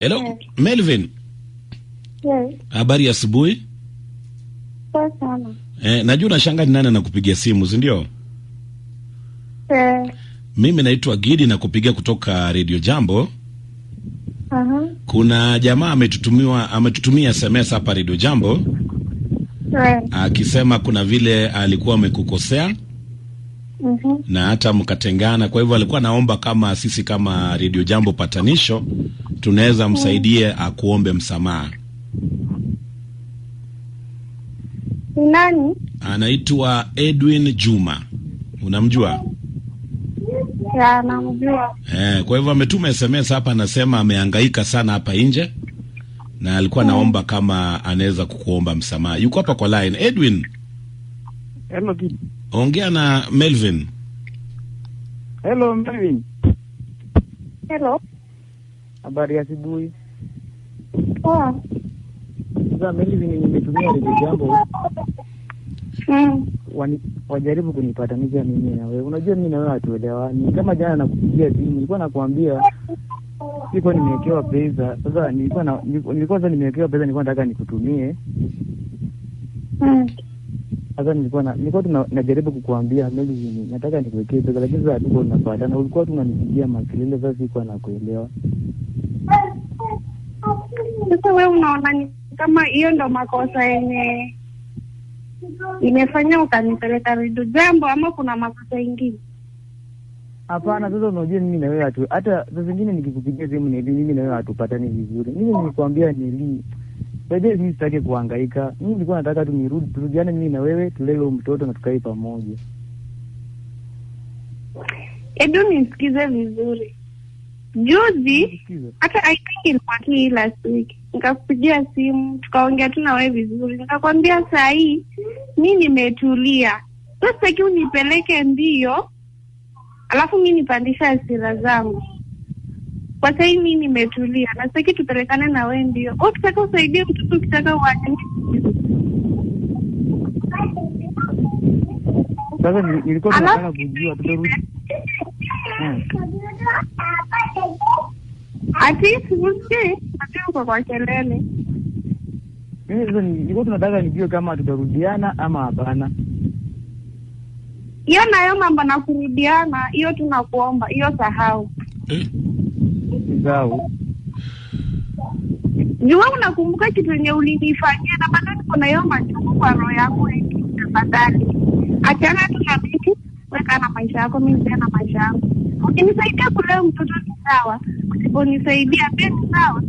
Hello, yes. Melvin. Yes. Habari ya asubuhi. Poa sana. Eh, najua unashangaa ni nani anakupigia simu, si ndio? Eh. Mimi naitwa Gidi na kupigia kutoka Radio Jambo. uh -huh. Kuna jamaa ametutumiwa ametutumia SMS hapa Radio Jambo Eh. akisema kuna vile alikuwa amekukosea Mm -hmm. Na hata mkatengana. Kwa hivyo alikuwa naomba kama sisi kama Radio Jambo patanisho tunaweza msaidie akuombe msamaha. Ni nani? Anaitwa Edwin Juma, unamjua? Ya, namjua. Eh, kwa hivyo ametuma SMS hapa, anasema amehangaika sana hapa nje na alikuwa mm, naomba kama anaweza kukuomba msamaha. Yuko hapa kwa line. Edwin, hello, ongea na Melvin. Hello Melvin. Hello. Habari ya asubuhi. Poa. Sasa mimi nimetumia lile jambo mm. wajaribu kunipatanisha mimi na wewe. Unajua mimi na wewe hatuelewani. Kama jana nakupigia simu nilikuwa nakwambia nilikuwa nimewekewa pesa. Sasa nilikuwa nilikuwa sasa nimewekewa pesa nilikuwa nataka nikutumie nadhani nilikuwa na nilikuwa tu najaribu kukuambia maybe nataka nikuwekee pesa, lakini sasa hatuko na Ulikuwa tu unanipigia makelele, sasa sikuwa nakuelewa. Sasa wewe unaona ni kama hiyo ndo makosa yenye imefanya ukanipeleka vidu jambo, ama kuna makosa ingine? Hapana. Sasa unajua mimi na wewe hata saa zingine nikikupigia simu mimi na wewe hatupatani vizuri. Mimi nikuambia nilii Saidia mimi sitaki kuhangaika. Mimi nilikuwa nataka tu nirudi, turudiane mimi na wewe, tulee mtoto na tukae pamoja. Edu, nisikize vizuri. Juzi hata I think ilikuwa tu hii last week, nikakupigia simu tukaongea tu na wewe vizuri, nikakwambia saa hii mi nimetulia, sasa sitaki unipeleke mbio alafu mi nipandisha hasira zangu. Kwa sasa mimi nimetulia, nastaki tupelekane na wewe. Ndio oh, ukitaka usaidie mtoto, ukitaka uache. Sasa nilikuwa tunataka kujua tumerudi hmm. ati sikusikii, ati uko kwa kelele. Mimi sasa nilikuwa tunataka nijue kama tutarudiana ama hapana. Hiyo nayo mambo na kurudiana hiyo, tunakuomba hiyo sahau. Eh? zao. Jua, unakumbuka kitu yenye ulinifanyia na bado niko na hiyo machungu kwa roho yangu. Tafadhali achana tu na mimi, weka na maisha yako, mimi ndio na maisha yangu. Ukinisaidia kulea mtoto ni sawa, usiponisaidia pia ni sawa.